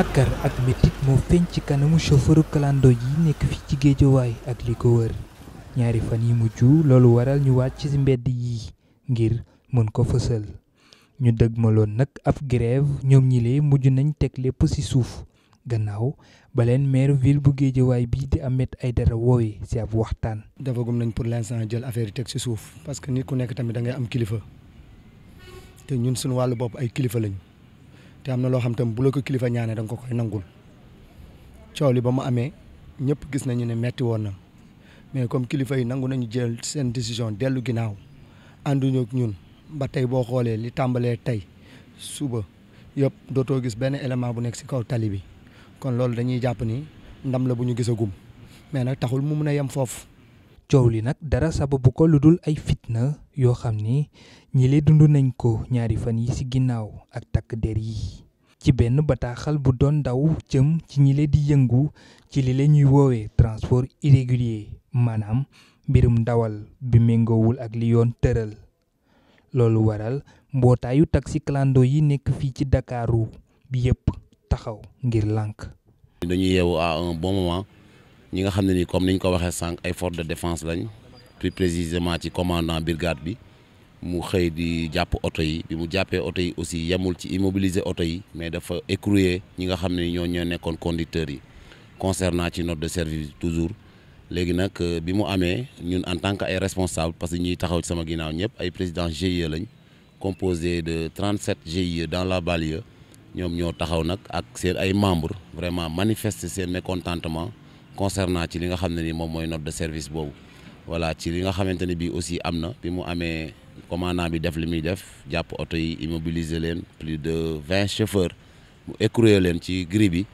Nakar ak metit moo feeñ ci kanamu chauffeuru clando yi nekk fi ci géejawaay ak li ko wër ñaari fan yi mujj loolu waral ñu wàcc ci mbedd yi ngir mën ko fësal ñu dëgg ma loon nag ab grève ñoom ñile mujj nañ teg lépp ci suuf gannaaw ba leen maire ville bu géejawaay bii di ay Aïdara woowe ci ab waxtaan. defagum nañ pour l'instant jël affaire teg ci suuf parce que nit ku nekk tamit dangay am kilifa te ñun suñu wàllu bopp ay kilifa lañ. te am na loo xam tam bu la ko kilifa ñaanee da ko koy nangul coow li ba mu amee ñëpp gis nañu ne metti woon na mais comme kilifa yi nangu nañu jël seen décision dellu ginnaaw ànduñu ñu ñun ba tey boo xoolee li tàmbalee tey suba yëpp dootoo gis benn élément bu nekk si kaw tali bi kon loolu dañuy jàpp ni ndam la bu ñu gisagum mais nag taxul mu mun a yem foofu coow li dara sababu ko ludul ay fitna yo xamni ñi lee dundu nañ ko ñaari fan yi ci ginnaw ak tak der yi ci benn bataxal bu doon daw jëm ci ñi di yëngu ci li ñuy transport irrégulier manam birum dawal bi ul ak li yoon teural lolu waral mbotayu taxi clando yi nek fi ci dakaaru bi yépp taxaw ngir lank dañuy à un bon moment nous avons comme nous ko de défense plus précisément le commandant brigade bi mu di yi bi mu mais nga Nous avons concernant notre service toujours Maintenant, nag euh, bi en tant que responsable parce que nous avons sama président GIE composé de 37 GIE dans la banlieue nous avons taxaw à ak ay membres vraiment manifester ses mécontentement concernant ci li nga de service voilà ci li nga bi aussi amna bi mu amé commandant bi def limi def yi immobiliser plus de 20 chauffeurs mu écroué len ci des bi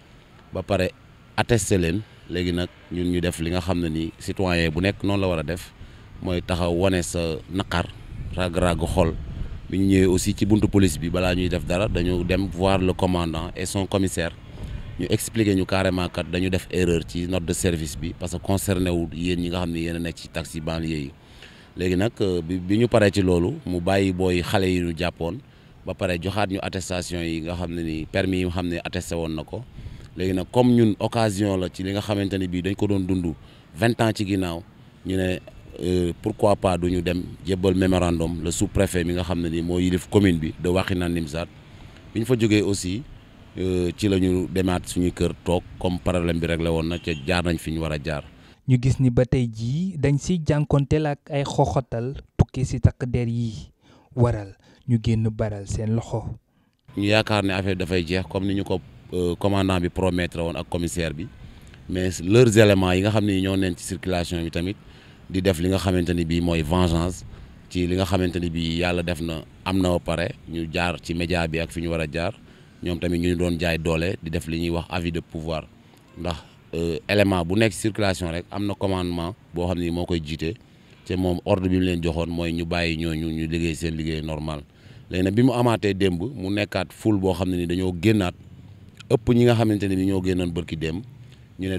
ba paré attester len légui nak ñun ñu def li ni citoyen bu nek non la def taxaw sa aussi ci buntu police bi ñuy def dara dem voir le commandant et son commissaire nous expliquer carrément kat dañu def erreur ci note de service parce que concerné wu yéen ñi nga xam que nous ci taxi banlieue yi que, Nous biñu paré ci lolu mu bayyi boy xalé yi ñu japon ba paré attestation yi nga ni permis yi nga attesté comme ñun occasion la ci li nga ni dañ ko dundu. ans ci ginnaw ñu euh, pourquoi pas duñu dem mémorandum le sous-préfet mi nga avons ni commune de aussi Euh, ci la ñu demaat suñu kër toog comme problème bi rek la woon na ca jaar nañ fi ñu war a jaar. ñu gis ni ba tey jii dañ siy jànkonteel ak ay xoxotal tukki si takk der yi waral ñu génn baral seen loxo. ñu yaakaar ne affaire dafay jeex comme ni ñu ko euh, commandant bi promettre woon ak commissaire bi mais leurs éléments yi nga xam ne ñoo neen ci circulation bi tamit di def li nga xamante ni bii mooy vengeance ci li nga xamante ni bii yàlla def na am na ba pare ñu jaar ci média bi ak fi ñu war a jaar. Nous avons ñu doon jaay doole di def li avis de pouvoir ndax euh, élément bu circulation rek le commandement qui xamni mo koy jité té ordre bi mu leen Nous moy ñu bayyi ñoñu ñu liggéey seen liggéey normal bi mu mu nekkat de xamni dañoo gennat ëpp ñi nga ñu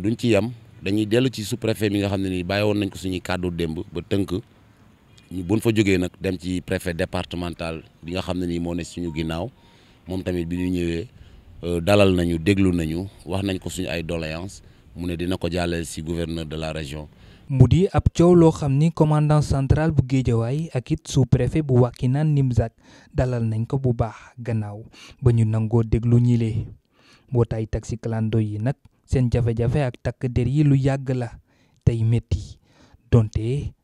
duñ ci dañuy ci sous-préfet mi nga xamni ne nañ ko suñu ba ñu buñ fa dem ci préfet départemental bi nga moom tamit bi ñu ñëwee euh, dalal nañu déglu nañu wax nañ ko suñu ay doléance mu ne dina ko jàllale si gouverneur de la région. mu di ab coow loo xam ni commandant centrale bu Géejawaay ak it sous-préfet bu Wakhinane Nimzatt dalal nañ ko bu baax gannaaw ba ñu nangoo déglu ñile mbootaay taxi clando yi nag seen jafe-jafe ak takk der yi lu yàgg la tey métti donte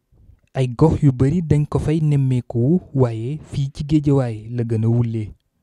ay gox yu bari dañ ko fay nemmeeku waaye fii ci Géejawaay la gën a wullee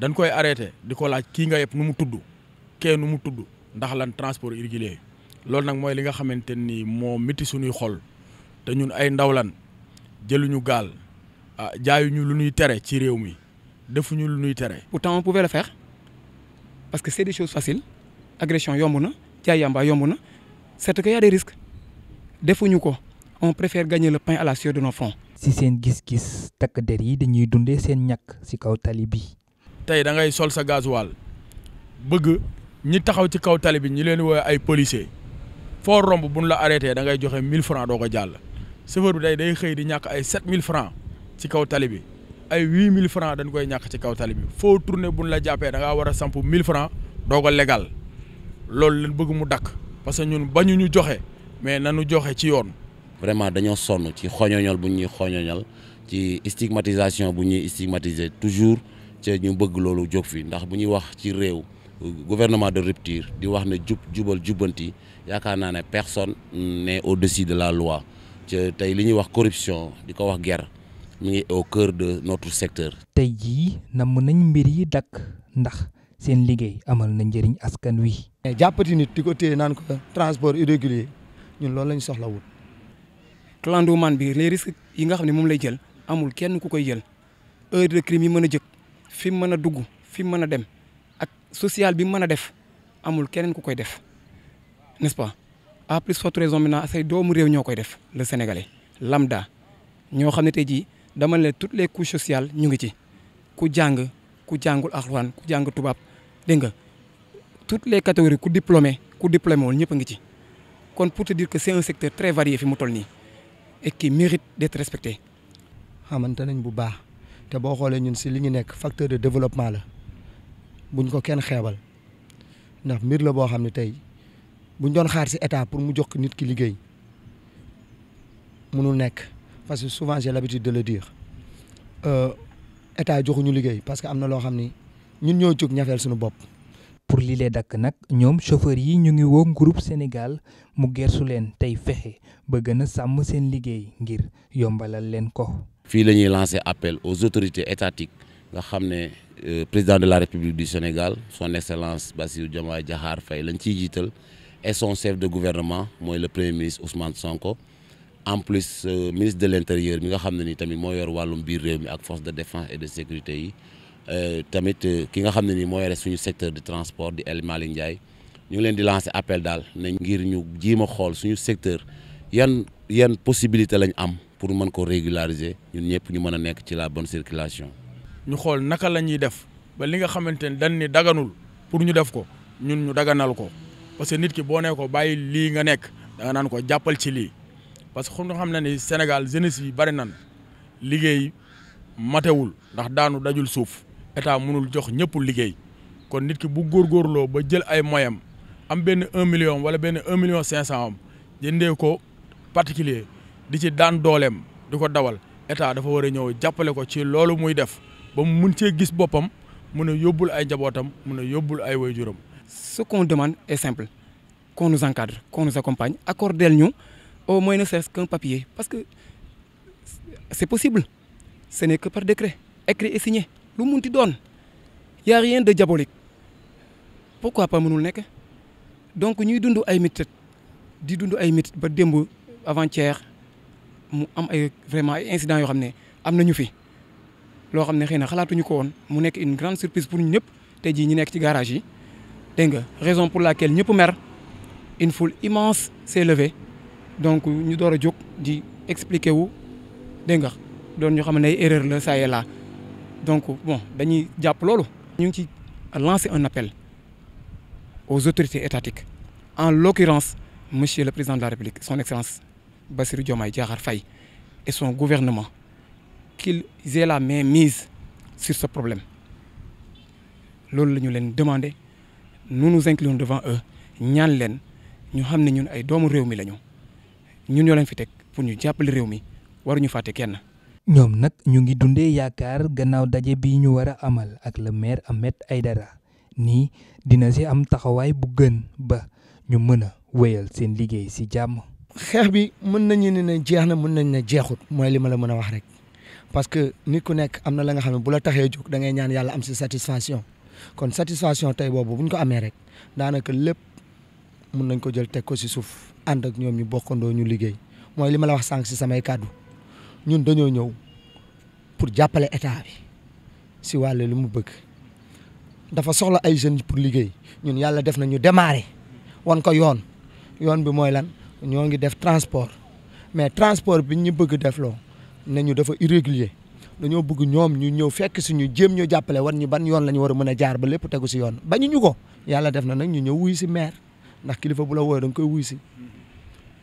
dañ koy arrêté diko laaj ki nga yëpp numu mu tudd kee nu mu tudd ndax lan transport irrégulier loolu nak moy li nga xamanteni ni moo métti suñuy xol te ñun ay ndaw lan jëluñu gaal ah jaayuñu lu ñuy tere ci réew mi defuñu lu ñuy tere. pourtant on pouvait le faire parce que c'est des choses faciles agression yomb na jaay yamba yomb na c'est que y a des risques defuñu ko on préfère gagner le pain à la sueur de nos fronts. si seen gis-gis takk der yi dañuy dundee seen ñàkk si kaw tali bi tay da ngay sol sa gasoil bëgg ñi taxaw ci kaw tali bi ñi leen woy ay policier foo romb buñ la arrêté da ngay joxe 1000 francs do ko jall chauffeur bi day day xey di ñak ay 7000 francs ci kaw tali bi ay 8000 francs dañ koy ñak ci kaw tali bi fo tourner buñ la jappé da nga wara samp 1000 francs doo ko légal loolu lañ bëgg mu dak parce que ñun bañu ñu joxe mais nañu joxe ci yoon. vraiment dañu sonn ci xooñoñal bu ñuy xooñoñal ci stigmatisation bu ñuy stigmatiser toujours. ca ñu bëgg loolu jóg fii ndax bu ñuy wax ci réew gouvernement de rupture di wax na jub jubal jubbanti yaakaar naa ne personne n'est au-dessus de la loi ca tey li ñuy wax corruption di ko wax ger mu ngi au cœur de notre secteur. tey jii namm nañ mbir yi dakk ndax seen liggéey amal na njëriñ askan wi. jàppati nit di ko téye naan ko transport irrégulier ñun loolu lañ soxla wut clandouman bi les risques yi nga xam ne moom lay jël amul kenn ku koy jël heure de crime mën a jëkk fi mu a fi dem social bi amul koy def n'est-ce pas à plus forte raison maintenant say doomu réew def le sénégalais lambda ñoo xam ne dama toutes les couches sociales ñu ngi ci ku jàng ku jàngul ku toutes les catégories ku diplômé ku diplômé pour te dire que c'est un secteur très varié fi mu et qui mérite d'être respecté te boo xoolee ñun si li ñu nekk facteur de développement la buñ ko kenn xeebal ndax mbir la boo xam ne tey buñ doon xaar si état pour mu jox nit ki liggéey munul nekk parce que souvent la l'habitude de le dire euh, état joxuñu liggéey parce que am na loo xam ni ñun ñoo jóg ñafeel suñu bopp. pour lii dakk nag ñoom chauffeur yi ñu ngi woo groupe Sénégal mu gersu leen tey fexe ba gën a sàmm seen liggéey ngir yombalal leen ko. nous la lancer appel aux autorités étatiques nga euh, président de la République du Sénégal son excellence Bassirou Diomaye Diakhar Faye lañ et son chef de gouvernement le premier ministre Ousmane Sonko en plus euh, ministre de l'intérieur mi nga xam le ni tamit moo yor force de défense et de sécurité yi euh, tamit ki nga xam du ni secteur de transport di El Malick nous ñu lancer appel daal ne ngir ñu y a une suñu secteur possibilité lañ pour mën ko régulariser ñun ñëpp ñu mën a nekk ci la bonne circulation. ñu xool naka la ñuy def ba li nga xamante ne dañ ni daganul pour ñu def ko ñun ñu daganal ko parce que nit ki boo nee ko bàyyi lii nga nekk da naan ko jàppal ci li parce que xam nga xam na ni Sénégal jeunesse yi bari nan liggéey matewul ndax daanu dajul suuf état mënul jox ñëpp liggéey kon nit ki bu góor góorgóorloo ba jël ay moyam am benn un million wala benn un million cinq cent am jëndee ko particulier di ci daan dooleem di ko dawal état dafa war a ñëw jàppale ko ci loolu muy def ba mu mun cee gis boppam mun a yóbbul ay njabootam mun a yóbbul ay waajuram. ce qu'on demande est simple qu'on nous encadre qu'on nous accompagne accordel ñu au moins ne serait qu'un papier parce que c'est possible ce n'est que par décret écrit et signé lu mu munti doon y a rien de diabolique pourquoi pas mënul nekk donc ñuy dund ay métit di dund ay métit ba démb avant-hier mu am ay vraiment incident yo xamné amna ñu fi lo xamné ne xëy ko mu une grande surprise pour nous tay ji ñi nekk ci garage yi dégg raison pour laquelle ñëpp mer une foule immense s'est levée donc ñu doora di expliquer wu dégg nga doon ñu xamné erreur la ça est là donc bon dañuy japp lolu ñu ci lancer un appel aux autorités étatiques en l'occurrence monsieur le président de la République son excellence. Bassirou Diomaye Diakhar Faye et son gouvernement qu'ils aient la main mise sur ce problème loolu la leen demandé nous nous inclinons devant eux ñaan leen ñu xam ñun ay doomu réew mi lañu ñun ñoo leen fi tek pour ñu jappal réew mi waruñu faté kenn. ñom nak ñu ngi dundé yaakaar gannaaw dajé bi ñu wara amal ak le maire Ahmed Aidara ni dina ci am taxaway bu gën ba ñu mëna wëyel seen liggéey ci jamm xeex bi mën ñu ne ne jeex na mën nañ ne jeexut mooy li ma la mën a wax rek parce que nit ku nekk am na la nga xam ne bu la taxee jóg da ngay ñaan yàlla am si satisfaction kon satisfaction tey boobu bu ñu ko amee rek daanaka lépp mun nañ ko jël teg ko si suuf ànd ak ñoom ñu bokkandoo ñu liggéey mooy li ma la wax sànq si samay kàddu ñun dañoo ñëw pour jàppale état bi si wàll lu mu bëgg dafa soxla ay jeunes pour liggéey ñun yàlla def nañu ñu wan ko yoon yoon bi mooy lan. ñoo ngi def transport mais transport bi ñu bëgg def loo nañu dafa irrégulier dañoo bëgg ñoom ñu ñëw fekk si ñu jéem ñu jàppale war ñu ban yoon la ñu war a mën a jaar ba lépp tegu si yoon bañu ñu ko yàlla def na na ñu ñëw wuy si maire ndax kilifa bu la wooyee da koy wuy si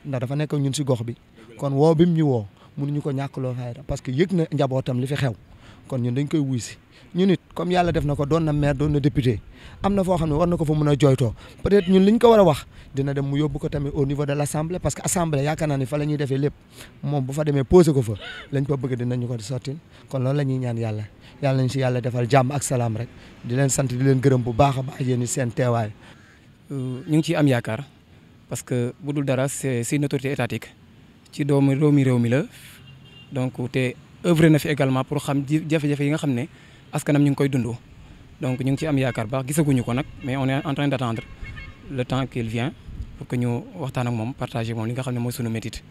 ndax dafa nekk ñun si gox bi kon woo bi mu ñu woo mënuñu ko ñàkk loo fayda parce que yëg na njabootam li fi xew kon ñun dañ koy wuy si ñun it comme yàlla def na ko doon na maire doon na député am na foo xam ne war na ko fa mën a jooytoo peut-être ñun li ñu ko war a wax dina dem mu yóbbu ko tamit au niveau de l'assemblée parce que assemblée yaakaar naa ni fa la ñuy defee lépp moom bu fa demee posé ko fa lañ ko bëgg dinañu ko sotti kon loolu la ñuy ñaan yàlla yàlla nañ si yàlla defal jàmm ak salaam rek di leen sant di leen gërëm bu baax a baax yéen i seen teewaay. Euh, ñu ngi ciy am yaakaar parce que bu dul dara c'est une autorité étatique ci doomu réew mi réew mi la euvre na fi également pour xam jafe-jafe yi nga xam ne askanam ñu ngi koy dund donc ñu ngi ci am yaakaar baax gisaguñu ko nag mais on en train d' attendre le temps qu'il vient pour que ñu waxtaan ak moom partager moom li nga xam ne mooy sunu métit